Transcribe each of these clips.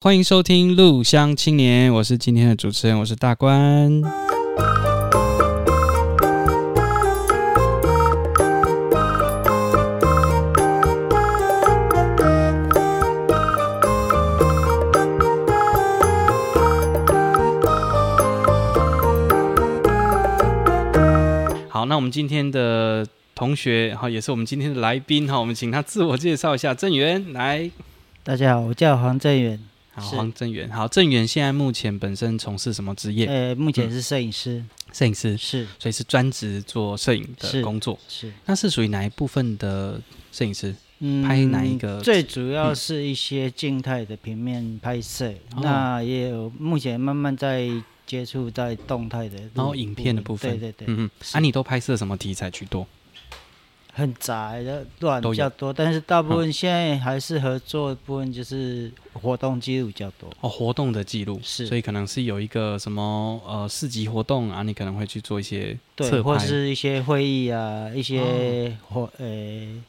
歡迎收聽《鹿鄉青年》，我是今天的主持人，我是大官。 好，那我們今天的同學哈，也是我們今天的來賓哈，我們請他自我介紹一下。振遠，來，大家好，我叫我黃振遠。好黃振遠，好，振遠現在目前本身從事什麼職業？呃，目前是攝影師，攝、嗯、影師是，所以是專職做攝影的工作。是，是那是屬於哪一部分的攝影師？嗯，拍哪一個？最主要是一些靜態的平面拍攝，嗯、那也有目前慢慢在接觸在動態的，然後、哦、影片的部分，對對對，嗯嗯，嗯是啊，你都拍攝什麼題材居多？很窄的段比較多，有但是大部分現在還是合作的部分，就是活動記錄比較多哦。活動的記錄、嗯、是，所以可能是有一個什麼呃市集活動啊，你可能會去做一些側拍，對，或者是一些會議啊，一些或呃、嗯欸、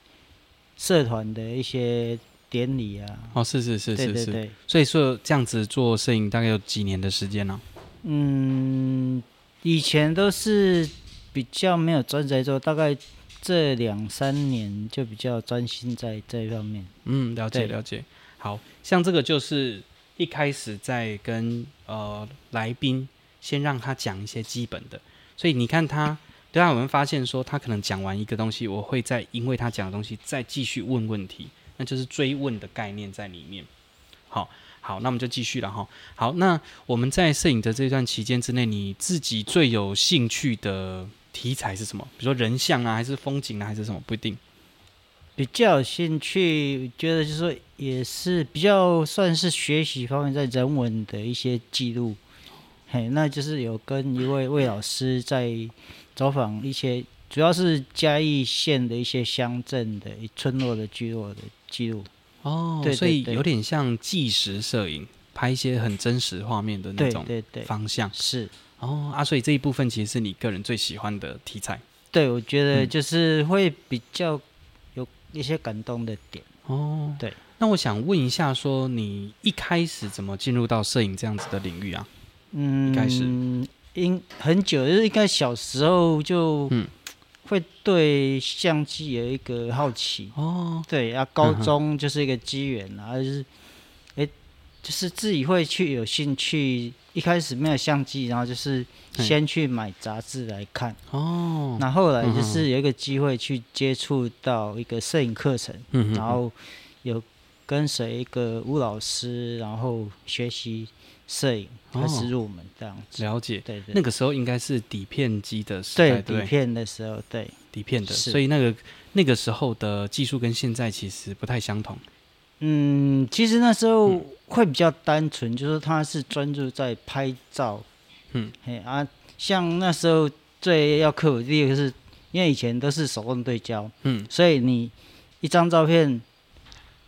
社團的一些典禮啊。哦，是是是對對對是是，是所以說這樣子做攝影大概有幾年的時間呢、啊？嗯，以前都是比較沒有專職做，大概。這兩三年就比較專心在這一方面，嗯，了解對了解好像這個就是一開始在跟呃來賓先讓他講一些基本的，所以你看他，等下我們發現說他可能講完一個東西，我會再因為他講的東西再繼續問問題，那就是追問的概念在裡面。好，好，那我們就繼續了哈。好，那我們在攝影的這段期間之內，你自己最有興趣的。題材是什麼？比如說人像啊，還是風景啊，還是什麼？不一定。比較有興趣，覺得就是說，也是比較算是學習方面，在人文的一些記錄。哦、嘿，那就是有跟一位魏老師在走訪一些，主要是嘉義縣的一些鄉鎮的村落的聚落的記錄。哦，對對對，所以有點像紀實攝影，拍一些很真實畫面的那種。對，對對，方向是。哦，啊，所以這一部分其實是你個人最喜歡的題材。對，我覺得就是會比較有一些感動的點。哦、嗯，對。那我想問一下，說你一開始怎麼進入到攝影這樣子的領域啊？嗯，應該是應很久，就是應該小時候就會對相機有一個好奇。嗯、哦，對，啊，高中就是一個機緣、啊，還是、嗯哼就是哎、欸，就是自己會去有興趣。一開始沒有相機，然後就是先去買雜誌來看。哦嘿。那後，後來就是有一個機會去接觸到一個攝影課程，嗯嗯然後有跟隨一個吳老師，然後學習攝影，開始入門這樣子。哦。了解。對，對對。那個時候應該是底片機的時代。對底片的時候，對底片的，是所以那個那個時候的技術跟現在其實不太相同。嗯，其實那時候會比較單純，嗯、就是說他是專注在拍照，嗯，嘿啊，像那時候最要克服的一、就、個、是，是因為以前都是手動對焦，嗯，所以你一張照片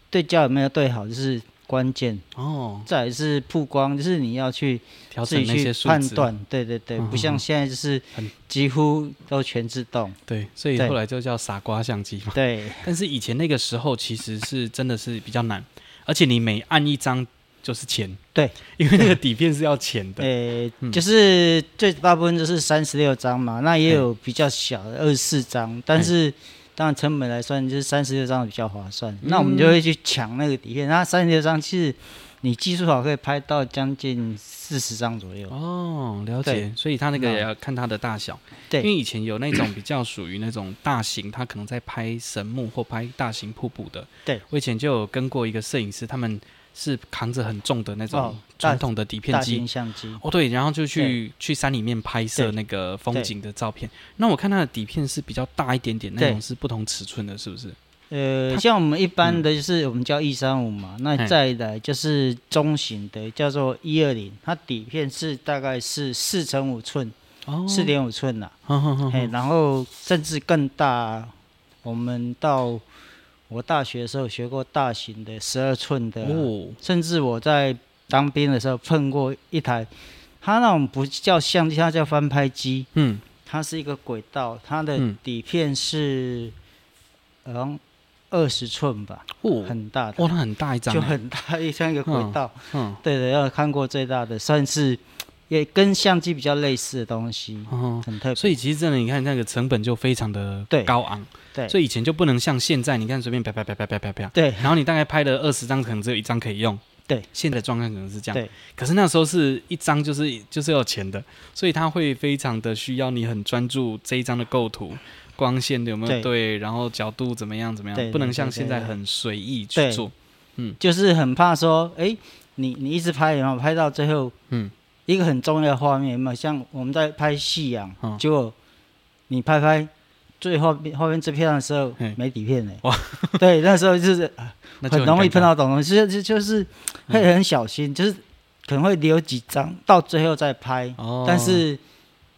對焦有沒有對好，就是。關鍵哦，再是曝光，就是你要去自己去判斷，對對對，不像現在就是很、嗯、幾乎都全自動。對，所以後來就叫傻瓜相機嘛。對，對但是以前那個時候其實是真的是比較難，而且你每按一張就是錢，對，因為那個底片是要錢的。呃，欸嗯、就是最大部分就是三十六張嘛，那也有比較小的二十四張，欸、但是。欸按成本來算，就是三十六張比較划算。嗯、那我們就會去搶那個底片。那三十六張，其實你技術好，可以拍到將近四十張左右。哦，了解。對所以它那個也要那看它的大小。對，因為以前有那種比較屬於那種大型，它可能在拍神木或拍大型瀑布的。對，我以前就有跟過一個攝影師，他們。是扛着很重的那種傳統的底片機、大型相機，哦，對，然後就去去山裡面拍攝那個風景的照片。那我看它的底片是比較大一點點，那種是不同尺寸的，是不是？呃，像我們一般的就是我們叫一三五嘛，那再來就是中型的叫做一二零，它底片是大概是四乘五寸哦，四點五寸啦。然後甚至更大，我們到。我大學的時候學過大型的十二寸的，甚至我在當兵的時候碰過一台，它那種不叫相機，它叫翻拍機。嗯，它是一個軌道，它的底片是，嗯，二十寸吧，很大的，哦，它很大一張，就很大一張一個軌道。嗯，對的，要看過最大的算是。也跟相機比較類似的東西，很特別，哦。所以其實真的，你看那個成本就非常的高昂，對。對所以以前就不能像現在，你看隨便啪啪啪啪啪啪啪。對。然後你大概拍了二十張，可能只有一張可以用。對。現在狀態可能是這樣。對可是那時候是一張就是就是要錢的，所以他會非常的需要你很專注這一張的構圖、光線有沒有對，對然後角度怎麼樣怎麼樣，對不能像現在很隨意去做。對對對嗯，就是很怕說，誒、欸，你你一直拍，然後拍到最後，嗯。一個很重要的畫面嘛，像我們在拍戲樣，就你拍拍最後後面這片的時候沒底片呢，哇！對，那時候就是很容易碰到懂東西，就就是會很小心，就是可能會留幾張到最後再拍。哦，但是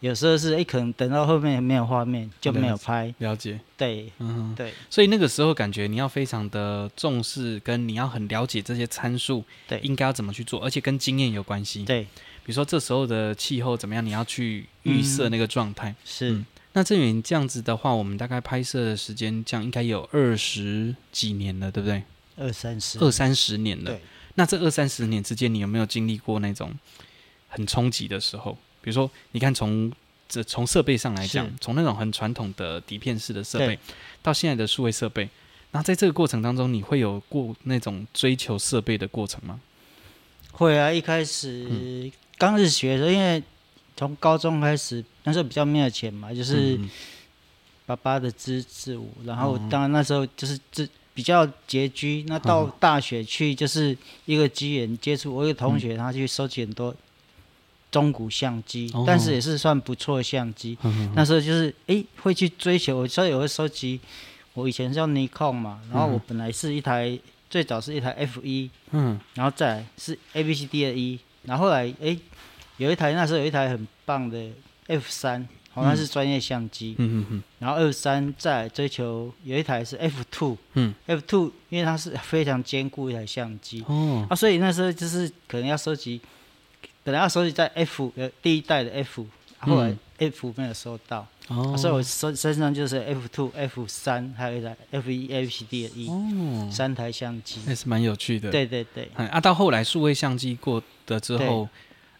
有時候是哎，可能等到後面沒有畫面就沒有拍。了解，對，嗯，對。所以那個時候感覺你要非常的重視，跟你要很了解這些參數，對，應該要怎麼去做，而且跟經驗有關係，對。比如說這時候的氣候怎麼樣？你要去預設那個狀態，嗯、是。嗯、那振遠這樣子的話，我們大概拍攝的時間這樣應該有二十幾年了，對不對？二三十，二三十年了。對那這二三十年之間，你有沒有經歷過那種很衝擊的時候？比如說，你看從這從設備上來講，是從那種很傳統的底片式的設備對到現在的數位設備，那在這個過程當中，你會有過那種追求設備的過程嗎？會啊，一開始。嗯剛開始學的時候，因為從高中開始，那時候比較沒有錢嘛，就是爸爸的資助。嗯、哼然後當然那時候就是比較拮據。嗯、哼那到大學去就是一個機緣接觸，嗯、哼我一個同學他去收集很多中古相機，嗯、哼但是也是算不錯的相機。嗯、哼那時候就是哎、欸、會去追求，所以我會收集。我以前叫尼康嘛，然後我本來是一台、嗯、哼最早是一台 F 一、嗯哼，嗯，然後再來是 A B C D 的 E。然後，後來，哎，有一台那時候有一台很棒的 F 三，嗯，好像是專業相機。嗯嗯嗯。嗯嗯然後 F 三再追求，有一台是 F two。嗯。F two，因為它是非常堅固一台相機。哦。啊，所以那時候就是可能要收集，本來要收集在 F 第一代的 F、嗯、後來 F 沒有收到。哦、啊。所以我身身上就是 F two、F 三，還有一台 F 一、哦、F P D 一，三台相機。那、欸、是蠻有趣的。對對對。啊，到後來數位相機過。的之後，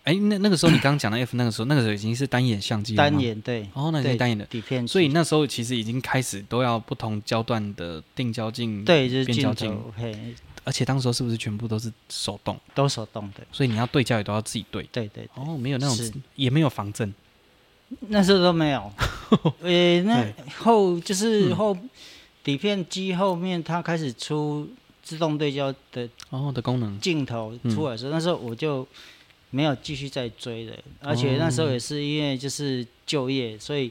哎，那那個時候你剛剛講的 F 那個時候，那個時候已經是單眼相機了嘛？單眼，對，哦，那是單眼的底片，所以那時候其實已經開始都要不同焦段的定焦鏡，對，就是定焦鏡。OK，而且當時候是不是全部都是手動？都手動，對。所以你要對焦也都要自己對，對對對。哦，沒有那種，也沒有防震，那時候都沒有。呃，那後就是後底片機後面，它開始出。自動對焦的然後的、oh, 功能鏡頭出來的時候，那時候我就沒有繼續再追了。嗯、而且那時候也是因為就是就業，所以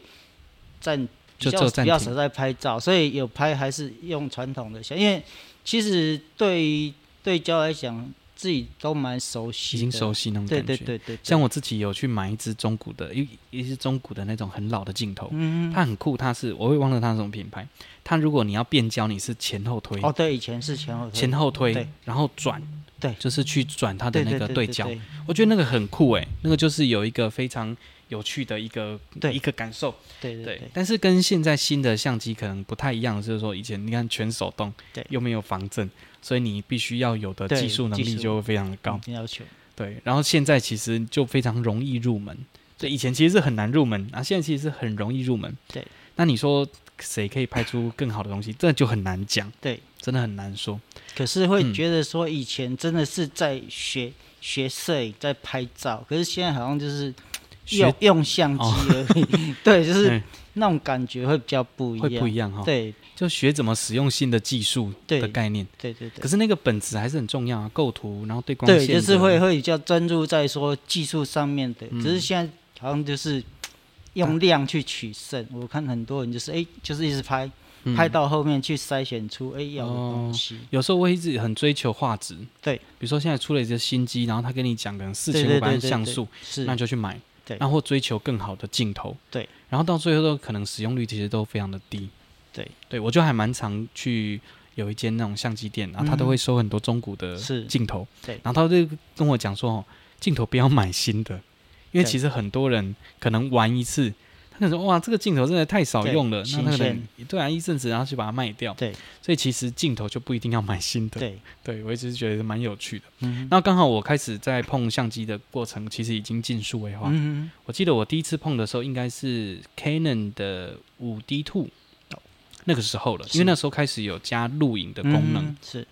暫比較就比較少在拍照，所以有拍還是用傳統的想。想因為其實對於對焦來講。自己都蠻熟悉，已經熟悉那種感覺。對對，像我自己有去買一隻中古的，一一隻中古的那種很老的鏡頭，嗯，它很酷，它是我會忘了它是什麼品牌。它如果你要變焦，你是前後推。哦，對，以前是前後推。前後推，然後轉，對，就是去轉它的那個對焦。我覺得那個很酷哎，那個就是有一個非常有趣的一個對一個感受。對對，但是跟現在新的相機可能不太一樣，就是說以前你看全手動，對，又沒有防震。所以你必須要有的技術能力就會非常的高要求。對，然後現在其實就非常容易入門，所以以前其實是很難入門啊，那現在其實是很容易入門。對，那你說誰可以拍出更好的東西，這就很難講。對，真的很難說，嗯。可是會覺得說以前真的是在學學攝影，在拍照，可是現在好像就是用用相機而已。哦，對，就是。那種感覺會比較不一樣，會不一樣哈。對，就學怎麼使用新的技術的概念。對對對。可是那個本質還是很重要啊，構圖，然後對光線。對，就是會會比較專注在說技術上面的。只是現在好像就是用量去取勝。我看很多人就是哎，就是一直拍，拍到後面去篩選出哎要的東西。有時候我一直很追求畫質。對，比如說現在出了一些新機，然後他跟你講可能四千五百像素，是那就去買。對，然後追求更好的鏡頭。對。然後到最後都可能使用率其實都非常的低，對對，我就還蠻常去有一間那種相機店，然後他都會收很多中古的鏡頭，嗯、對，然後他就跟我講說哦，鏡頭不要買新的，因為其實很多人可能玩一次。那時候哇，這個鏡頭真的太少用了，那那個人突然一陣子，然後去把它賣掉。對，所以其實鏡頭就不一定要買新的。對，對我一直覺得蠻有趣的。嗯，那剛好我開始在碰相機的過程，其實已經進數位化。嗯嗯。我記得我第一次碰的時候，應該是 Canon 的五 D Two，那個時候了，因為那時候開始有加錄影的功能，是，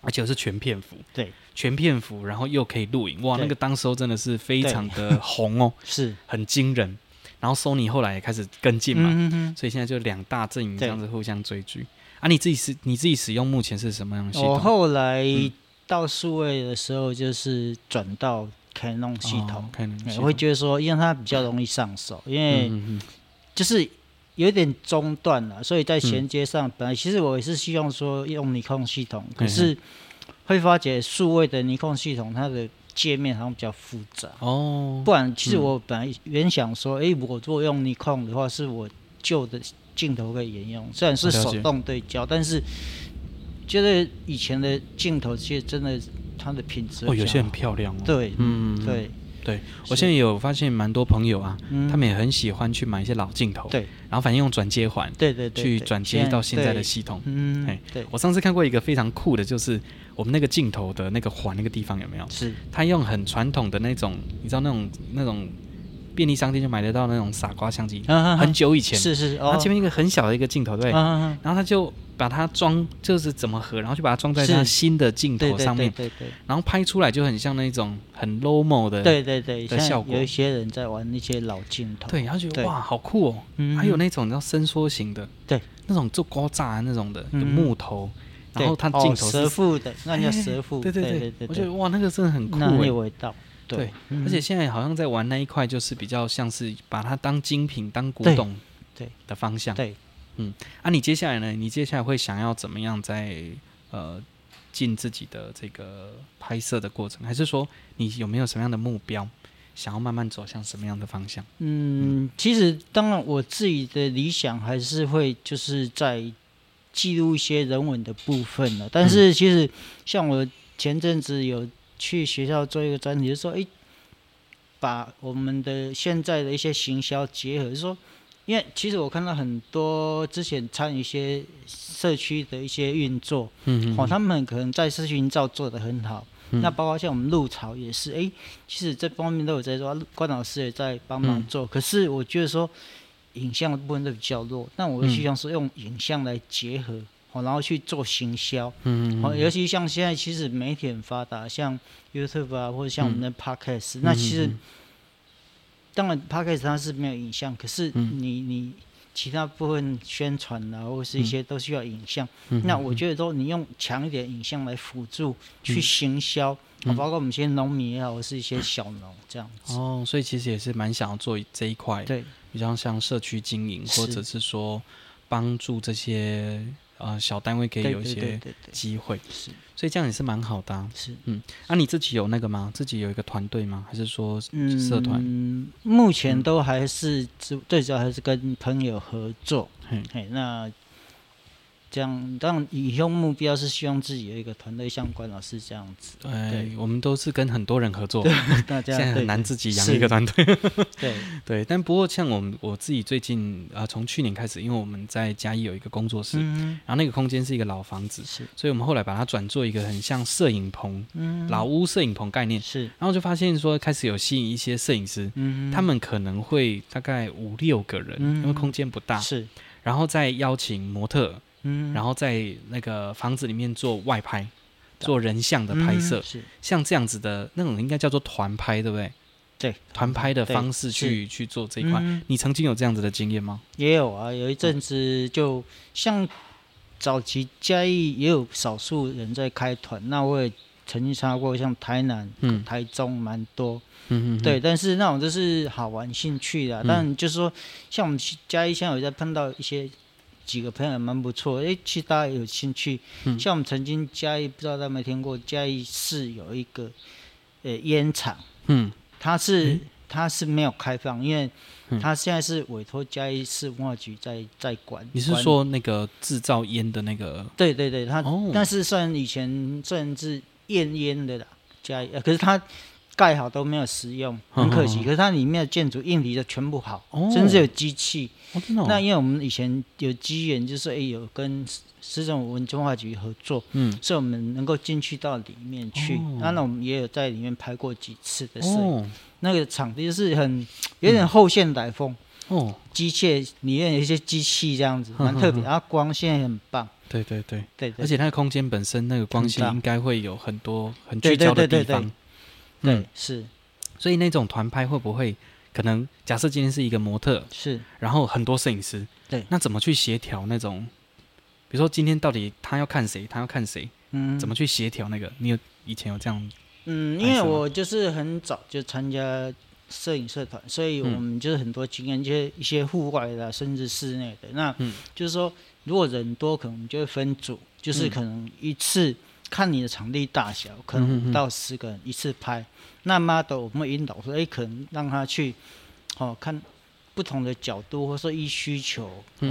而且是全片幅。對，全片幅，然後又可以錄影。哇，那個當時候真的是非常的紅哦，是很驚人。”然後索尼後來也開始跟進嘛，嗯、哼所以現在就兩大陣營這樣子互相追擊對啊。你自己使你自己使用目前是什麼樣的系統？我後來到數位的時候就是轉到 Canon 系統，Canon，我會覺得說因為它比較容易上手，嗯、哼因為就是有點中斷了，所以在銜接上、嗯、本來其實我也是希望說用尼康系統，可是會發覺數位的尼康系統它的。界面好像比較複雜哦，不然其實我本來原想說，哎，我做用 o 控的話，是我舊的鏡頭可以沿用，雖然是手動對焦，但是覺得以前的鏡頭其實真的它的品質哦，有些很漂亮哦，對，嗯，對，對。我現在有發現蠻多朋友啊，他們也很喜歡去買一些老鏡頭，對，然後反正用轉接環，對對，去轉接到現在的系統，嗯，哎，對，我上次看過一個非常酷的，就是。我們那個鏡頭的那個環那個地方有沒有？是他用很傳統的那種，你知道那種那種便利商店就買得到那種傻瓜相機，很久以前。是是。是他前面一個很小的一個鏡頭，對。然後他就把它裝，就是怎麼合，然後就把它裝在那新的鏡頭上面，對對對。然後拍出來就很像那種很 Lomo 的，對對對。效果。有一些人在玩那些老鏡頭。對，然後覺得哇，好酷哦。還有那種你知道伸縮型的，對，那種做光柵那種的木頭。然後他鏡頭是蛇腹、哦、的，那叫蛇腹、欸。對對對對，對對，我覺得哇，那個真的很酷那。對，對嗯、而且現在好像在玩那一塊，就是比較像是把它當精品、當古董對的方向。對，對對嗯，啊，你接下來呢？你接下來會想要怎麼樣再呃進自己的這個拍攝的過程？還是說你有沒有什麼樣的目標，想要慢慢走向什麼樣的方向？嗯，嗯其實當然，我自己的理想還是會就是在。記錄一些人文的部分了，但是其實像我前陣子有去學校做一個專題就，就說哎，把我們的現在的一些行銷結合就是，就說因為其實我看到很多之前參與一些社區的一些運作，嗯哼，好，他們可能在社區營造做得很好，嗯、那包括像我們鹿草也是，哎、欸，其實這方面都有在做，關老師也在幫忙做，嗯、可是我覺得說。影像的部分都比較弱，但我會希望說用影像來結合，好、嗯，然後去做行銷。嗯好，嗯尤其像現在其實媒體很發達，像 YouTube 啊，或者像我們的 Podcast、嗯、那其實、嗯、當然 Podcast 它是沒有影像，可是你、嗯、你其他部分宣傳啊，或者是一些都需要影像。嗯、那我覺得說你用強一點影像來輔助、嗯、去行銷。包括我們一些農民也好，或是一些小農這樣子哦，所以其實也是蠻想要做這一塊，對，比較像社區經營，或者是說幫助這些呃小單位可以有一些機會，對對對對對，是，所以這樣也是蠻好的，啊，是，嗯，那，啊，你自己有那個嗎？自己有一個團隊嗎？還是說社團，嗯，目前都還是，嗯，最主要還是跟朋友合作，嗯、嘿，那。這樣，但以後目標是希望自己有一個團隊像官老師這樣子。對，我們都是跟很多人合作，現在很難自己養一個團隊。對對，但不過像我們我自己最近啊，從去年開始，因為我們在嘉義有一個工作室，然後那個空間是一個老房子，是，所以我們後來把它轉做一個很像攝影棚，嗯，老屋攝影棚概念是，然後就發現說開始有吸引一些攝影師，嗯，他們可能會大概五六個人，因為空間不大是，然後再邀請模特。嗯，然後在那個房子裡面做外拍，做人像的拍攝，嗯、是像這樣子的那種，應該叫做團拍，對不對？對，團拍的方式去去做這一塊，嗯、你曾經有這樣子的經驗嗎？也有啊，有一陣子就像早期嘉義也有少數人在開團，那我也曾經參加過，像台南、台中蠻多，嗯，嗯哼哼，對，但是那種都是好玩興趣的、啊，但、嗯、就是說，像我們嘉義現在，有在碰到一些。幾個朋友蠻不錯，誒、欸，其實大家有興趣，嗯、像我們曾經嘉義，不知道大家有沒有聽過，嘉義市有一個呃煙廠，欸、嗯，它是、嗯、它是沒有開放，因為它現在是委托嘉義市文化局在在管。管理。你是說那個製造煙的那個？對對對，它、哦、但是算以前算是驗煙的了，嘉義，呃、可是他。蓋好都沒有使用，很可惜。可是它裡面的建築、硬體的全部好，甚至、哦、有機器。哦哦、那因為我們以前有機緣，就是哎有跟市政府文化局合作，嗯，所以我們能夠進去到裡面去。那、哦啊、那我們也有在裡面拍過幾次的攝影。哦、那個場地就是很有點後現代風、嗯，哦，機械裡面有一些機器這樣子，蠻特別。然後、嗯嗯嗯啊、光線也很棒，對對對對，對對對而且它的空間本身那個光線應該會有很多很聚焦的地方。對對對對對對對，是，所以那種團拍會不會可能？假設今天是一個模特，是，然後很多攝影師，對，那怎麼去協調那種？比如說今天到底他要看誰，他要看誰？嗯，怎麼去協調那個？你有以前有這樣？嗯，因為我就是很早就參加攝影社團，所以我們就是很多經驗，嗯、就是一些戶外的、啊，甚至室內的。那，嗯、就是說如果人多，可能就會分組，就是可能一次。看你的場地大小，可能五到十個人一次拍。那 model 我們引導說：“哎，可能讓他去，哦，看不同的角度，或者說依需求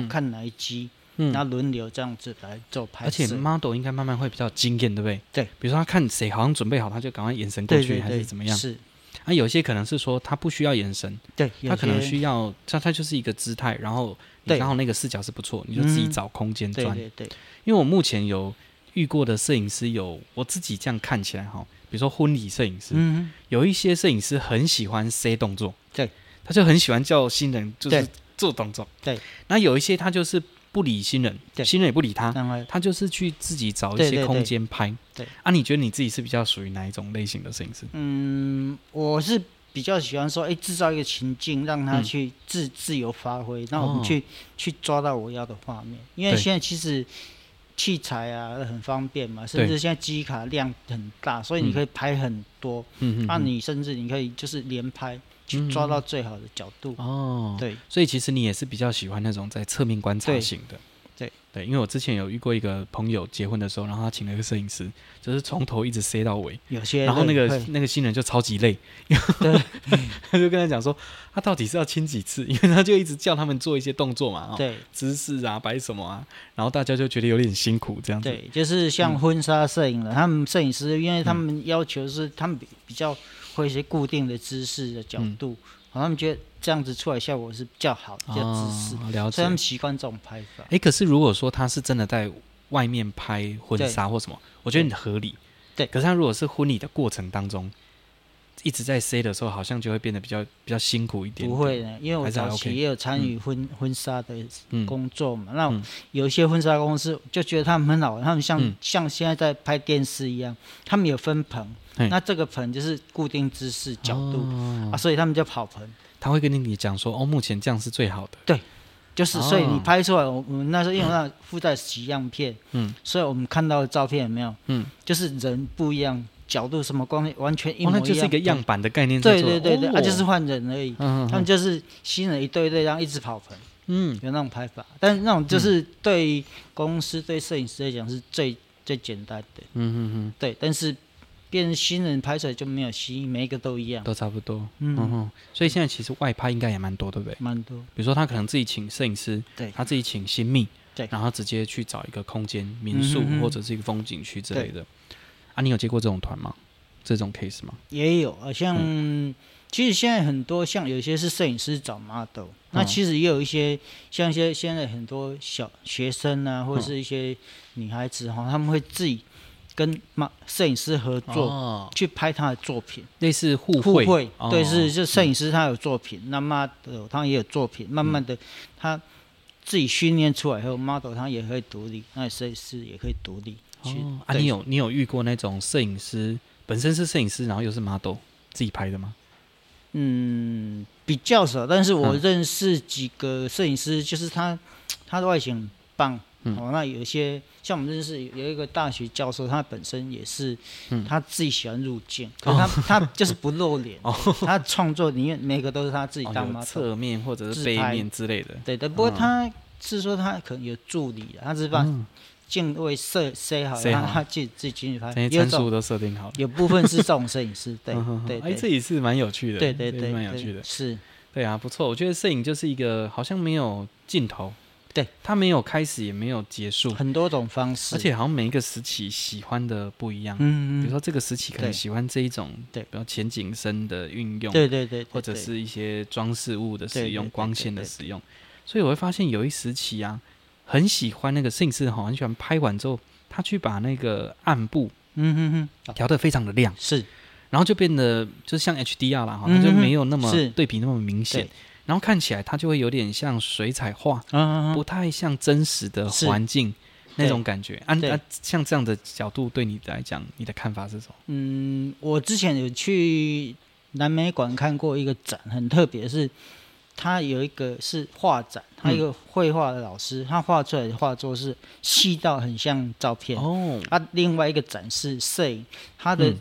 看哪一機，然後輪流這樣子來做拍攝。而且 model 應該慢慢會比較驚豔，對不對？對，比如說他看誰好像準備好，他就趕快眼神過去，還是怎麼樣？是。啊，有些可能是說他不需要眼神，對，他可能需要，他他就是一個姿態，然後剛好那個視角是不錯，你就自己找空間轉。對對。因為我目前有。遇過的攝影師有我自己這樣看起來哈，比如說婚禮攝影師，嗯、哼有一些攝影師很喜歡 C 動作，對，他就很喜歡叫新人就是做動作，對。對那有一些他就是不理新人，對新人也不理他，是他就是去自己找一些空間拍。對,對,對。對啊，你覺得你自己是比較屬於哪一種類型的攝影師？嗯，我是比較喜歡說，誒、欸，制造一個情境，讓他去自自由發揮，嗯、讓我們去、哦、去抓到我要的畫面。因為現在其實。器材啊，很方便嘛，甚至現在機卡量很大，對所以你可以拍很多。嗯、那、啊、你甚至你可以就是連拍，就、嗯、抓到最好的角度。嗯、對哦，對，所以其實你也是比較喜歡那種在側面觀察型的。對對，因為我之前有遇過一個朋友結婚的時候，然後他請了一個攝影師，就是從頭一直塞到尾。有些，然後那個對那個新人就超級累，對他就跟他講說，他到底是要親幾次？因為他就一直叫他們做一些動作嘛，對，姿勢啊，擺什麼啊，然後大家就覺得有點辛苦這樣子。對，就是像婚紗攝影了，嗯、他們攝影師，因為他們要求是他們比較會一些固定的姿勢的角度。嗯他們覺得這樣子出來效果是比較好的，比較自私，哦，所以他們習慣這種拍法。欸，可是如果說他是真的在外面拍婚紗或什麼，對我覺得很合理。對，可是他如果是婚禮的過程當中。一直在 C 的時候，好像就會變得比較比較辛苦一點。不會的，因為我早期也有參與婚婚紗的工作嘛。那有一些婚紗公司就覺得他們很好，他們像像現在在拍電視一樣，他們有分棚，那這個棚就是固定姿勢角度啊，所以他們就跑棚。他會跟你講說：“哦，目前這樣是最好的。”對，就是所以你拍出來，我們那時候因為那附帶洗樣片，嗯，所以我們看到的照片有沒有？嗯，就是人不一樣。角度什麼光線，完全一模一樣，那就是一個樣板的概念。對對對對，他就是換人而已。嗯，他們就是新人一對一對這樣一直跑分，嗯，有那種拍法。但那種就是對於公司對攝影師來講是最最簡單的。嗯嗯嗯。對，但是變成新人拍出來就沒有新，每一個都一樣。都差不多。嗯哼。所以現在其實外拍應該也蠻多，對不對？蠻多。比如說他可能自己請攝影師，對，他自己請新秘，對，然後直接去找一個空間、民宿或者是一個風景區之類的。啊，你有接過這種團嗎？這種 case 嗎？也有啊，像、嗯、其實現在很多像有些是攝影師找 model，、嗯、那其實也有一些像一些現在很多小學生啊，或是一些女孩子哈，嗯、他們會自己跟模攝影師合作、哦、去拍他的作品，類似互互惠，惠哦、對，是就攝影師他有作品，嗯、那 model 他也有作品，慢慢的他自己訓練出來後、嗯、，model 他也可以獨立，那攝、個、影師也可以獨立。哦、啊，你有你有遇過那種攝影師本身是攝影師，然後又是 model 自己拍的嗎？嗯，比較少。但是我認識幾個攝影師，嗯、就是他他的外形很棒。嗯、哦，那有一些像我們認識有一個大學教授，他本身也是、嗯、他自己喜歡入鏡，可是他、哦、他就是不露臉。哦、他創作裡面每個都是他自己當 model、側、哦、面或者是背面之類的。拍對的，不過他是說他可能有助理，嗯、他只把、嗯。鏡位設設好，讓他自自己進去拍。參數都設定好。有部分是這種攝影師，對對。哎，這也是蠻有趣的。對對對，蠻有趣的。是。對啊，不錯。我覺得攝影就是一個好像沒有盡頭，對，它沒有開始也沒有結束，很多種方式。而且好像每一個時期喜歡的不一樣。嗯嗯。比如說這個時期可能喜歡這一種，對，比如前景深的運用。對對對。或者是一些裝飾物的使用、光線的使用。所以我會發現有一時期啊。很喜歡那個攝影師哈，很喜歡拍完之後，他去把那個暗部，嗯調得非常的亮，是、嗯，然後就變得就是像 HDR 啦，哈、嗯，就沒有那麼對比那麼明顯，然後看起來它就會有點像水彩畫，啊、嗯嗯嗯，不太像真實的環境是那種感覺。啊像這樣的角度對你來講，你的看法是什麼？嗯，我之前有去南美館看過一個展，很特別是。他有一個是畫展，他有一個繪畫的老師，他畫出來的畫作是細到很像照片哦。他另外一個展是攝影，他的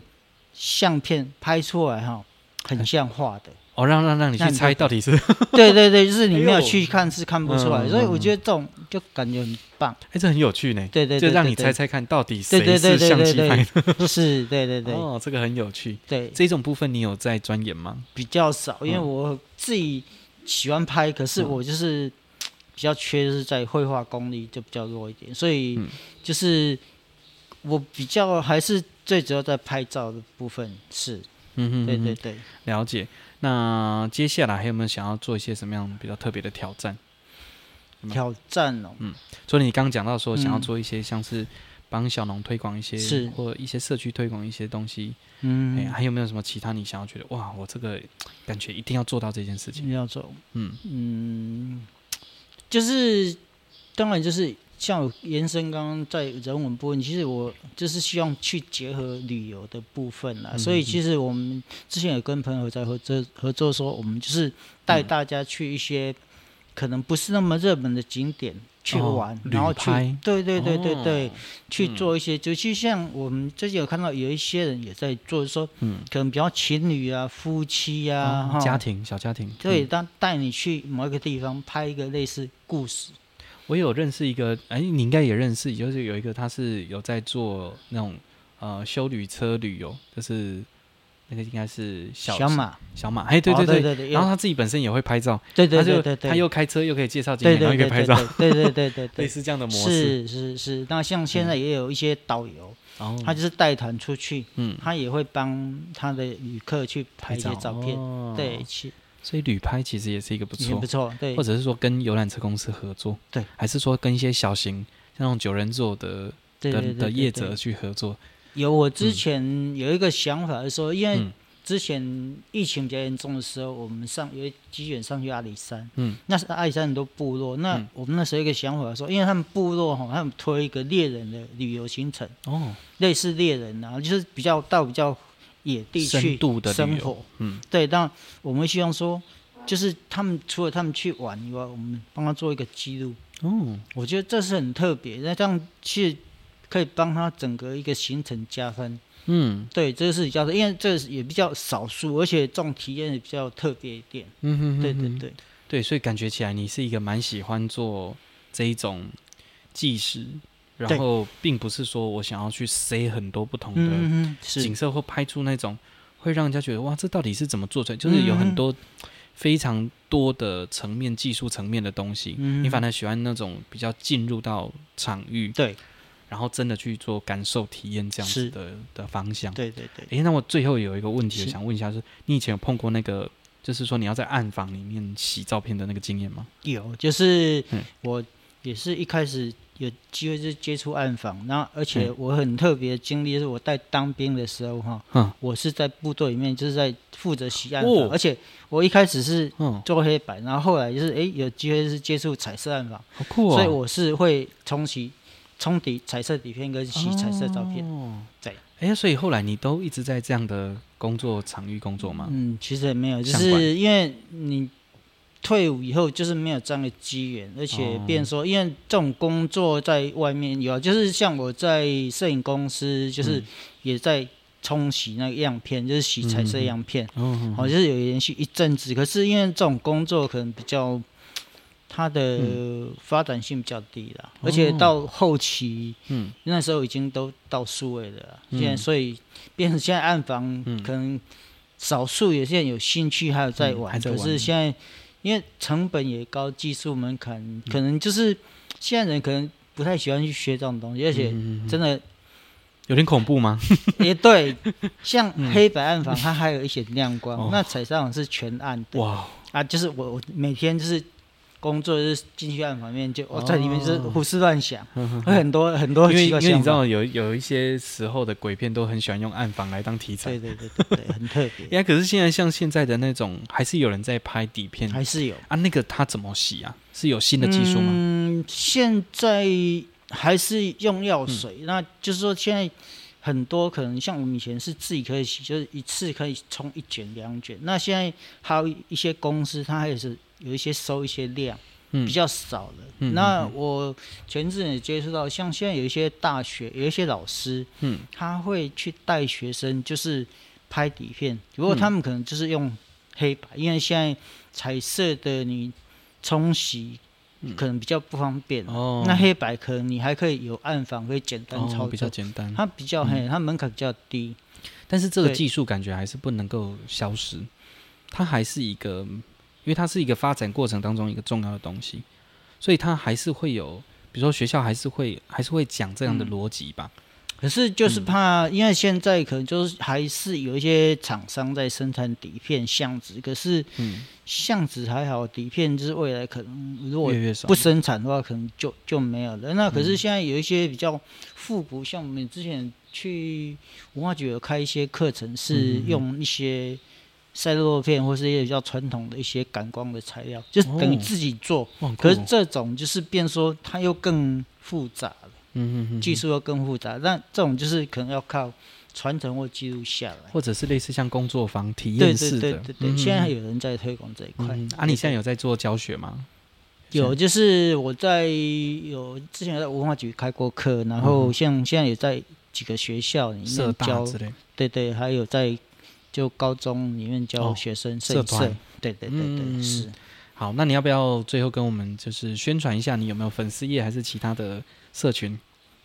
相片拍出來哈，很像畫的。哦，讓讓讓你去猜到底是？對對對，就是你沒有去看是看不出來，所以我覺得這種就感覺很棒。哎，這很有趣呢。對對，對，讓你猜猜看到底誰是相機拍的？是，對對對。哦，這個很有趣。對，這種部分你有在鑽研嗎？比較少，因為我自己。喜歡拍，可是我就是比較缺就是在繪畫功力就比較弱一點，所以就是我比較還是最主要在拍照的部分是，嗯嗯，對對對，了解。那接下來還有沒有想要做一些什麼樣比較特別的挑戰？有沒有？挑戰哦，嗯，所以你剛剛講到說想要做一些像是。幫小農推廣一些，是或一些社區推廣一些東西，嗯、欸，還有沒有什麼其他你想要覺得哇，我這個感覺一定要做到這件事情。要做，嗯嗯，就是當然就是像延伸剛剛在人文部分，其實我就是希望去結合旅遊的部分啦。嗯嗯嗯，所以其實我們之前有跟朋友在合作合作說，說我們就是帶大家去一些、嗯、可能不是那麼熱門的景點。去玩，哦、旅拍然後去對對對對對，哦、去做一些，嗯、就是像我們最近有看到有一些人也在做，說嗯，可能比較情侶啊、夫妻啊、嗯、家庭小家庭，對，嗯、他帶你去某一個地方拍一個類似故事。我有認識一個，哎，你應該也認識，就是有一個他是有在做那種呃休旅車旅遊、哦，就是。那個應該是小馬，小馬，哎，對對對，然後他自己本身也會拍照，對，他就對，他又開車又可以介紹景點，又可以拍照，對對對對，類似這樣的模式。是是是，那像現在也有一些導遊，然後他就是帶團出去，嗯，他也會幫他的旅客去拍一些照片，對，去，所以旅拍其實也是一個不錯不錯，對，或者是說跟遊覽車公司合作，對，還是說跟一些小型像那種九人座的的的業者去合作。有，我之前有一個想法來說，嗯、因為之前疫情比較嚴重的時候，嗯、我們上有機緣上去阿里山。嗯。那是阿里山很多部落，那我們那時候一個想法來說，因為他們部落好像他們推一個獵人的旅遊行程。哦。類似獵人啊，就是比較到比較野地去度的生活，嗯。對，但我們希望說，就是他們除了他們去玩以外，我們幫他做一個記錄。哦。我覺得這是很特別，那這樣去。可以幫他整個一個行程加分，嗯，對，這個是加分，因為這個也比較少數，而且這種體驗也比較特別一點，嗯哼，嗯哼，對對對，對，所以感覺起來你是一個蠻喜歡做這一種紀實。然後並不是說我想要去塞很多不同的景色或拍出那種，嗯、會讓人家覺得哇，這到底是怎麼做出來？就是有很多非常多的層面，技術層面的東西。嗯、哼你反而喜歡那種比較進入到場域，對。然後真的去做感受體驗這樣子的的方向。對對對。哎，那我最後有一個問題我想問一下是，是你以前有碰過那個，就是說你要在暗房裡面洗照片的那個經驗嗎？有，就是我也是一開始有機會是接觸暗房，那而且我很特別的經歷、就是我在當兵的時候哈，嗯嗯哦、我是在部隊裡面就是在負責洗暗房，哦、而且我一開始是做黑白，哦、然後後來就是哎有機會是接觸彩色暗房，好酷哦、啊，所以我是會沖洗。沖底彩色底片跟洗彩色照片，對、哦，哎呀在、欸，所以後來你都一直在這樣的工作場域工作嗎？嗯，其實也沒有，就是因為你退伍以後就是沒有這樣的機緣，而且變說，因為這種工作在外面、哦、有、啊，就是像我在攝影公司，就是也在沖洗那個樣片，就是洗彩色樣片，嗯、哦哼哼、啊，就是有連續一陣子，可是因為這種工作可能比較。它的發展性比較低了，哦、而且到後期，嗯，那時候已經都到數位了，嗯、現在所以變成現在暗房，嗯，可能少數有些人有興趣，還有在玩，嗯、可是現在因為成本也高，技術門檻，可能就是現在人可能不太喜歡去學這種東西，而且真的有點恐怖嗎？也對，像黑白暗房，它還有一些亮光，哦、那彩色暗房是全暗的，哇、哦、啊，就是我我每天就是。工作是進去暗房面，就我在裡面就是胡思亂想，哦、會很多呵呵呵很多。很多因為因為你知道有有一些時候的鬼片都很喜歡用暗房來當題材，對對對對，很特別。哎、嗯，可是，現在像現在的那種，還是有人在拍底片，還是有啊？那個它怎麼洗啊？是有新的技術嗎？嗯，現在還是用藥水。嗯、那就是說，現在很多可能像我們以前是自己可以洗，就是一次可以沖一卷兩卷。那現在還有一些公司，它還是。有一些收一些量，嗯、比較少了。嗯、那我前陣子也接觸到，像現在有一些大學，有一些老師，嗯，他會去帶學生，就是拍底片。不過他們可能就是用黑白，嗯、因為現在彩色的你沖洗可能比較不方便。嗯、哦，那黑白可能你還可以有暗房，可以簡單操作、哦，比較簡單。它比較黑，它、嗯、門檻比較低，但是這個技術感覺還是不能夠消失，對它還是一個。因為它是一個發展過程當中一個重要的東西，所以它還是會有，比如說學校還是會還是會講這樣的邏輯吧、嗯。可是就是怕，因為現在可能就是還是有一些廠商在生產底片相紙，可是相紙還好，底片就是未來可能如果不生產的話，可能就就沒有了。那可是現在有一些比較復古，像我們之前去文化局有開一些課程，是用一些，曬落片或是一些比較傳統的一些感光的材料，哦、就是等於自己做。哦、可是這種就是變說，它又更複雜了，嗯哼哼，技術又更複雜。那這種就是可能要靠傳承或記錄下來，或者是類似像工作坊體驗式的、嗯。對對對，對，對、嗯、哼哼，現在還有人在推廣這一塊、嗯。啊，你現在有在做教學嗎？有，是就是我在有之前有在文化局開過課，然後像現在有在幾個學校有教之類。對，對對，還有在。就高中裡面教學生社團，哦、社團。對對對對，嗯、是。好，那你要不要最後跟我們就是宣傳一下，你有沒有粉絲頁還是其他的社群？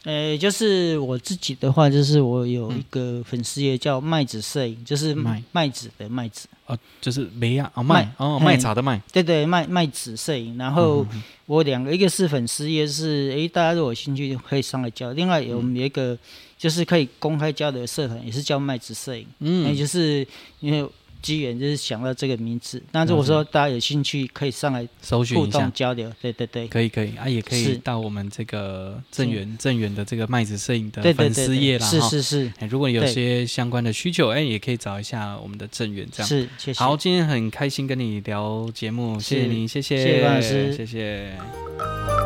呃，就是我自己的話，就是我有一個粉絲也叫麥子攝影，就是麥、嗯、麥子的麥子，啊、哦，就是梅啊，哦麥，麥哦，麥茶的麥，嗯、對對，麥麥子攝影。然後、嗯、哼哼我兩個，一個是粉絲也是哎，大家如果有興趣可以上來交。另外有我們、嗯、一個就是可以公開交流的社團，也是叫麥子攝影。嗯，也就是因為機緣就是想到這個名字，那如果說大家有興趣，可以上來搜尋互動交流，對對對，可以可以啊，也可以到我們這個振遠是振遠的這個麥子攝影的粉絲頁啦對對對對對。是是是，如果有些相關的需求，哎對，也可以找一下我們的振遠這樣。是，謝謝好，今天很開心跟你聊節目，謝謝您，是謝謝，謝老師，謝謝。謝謝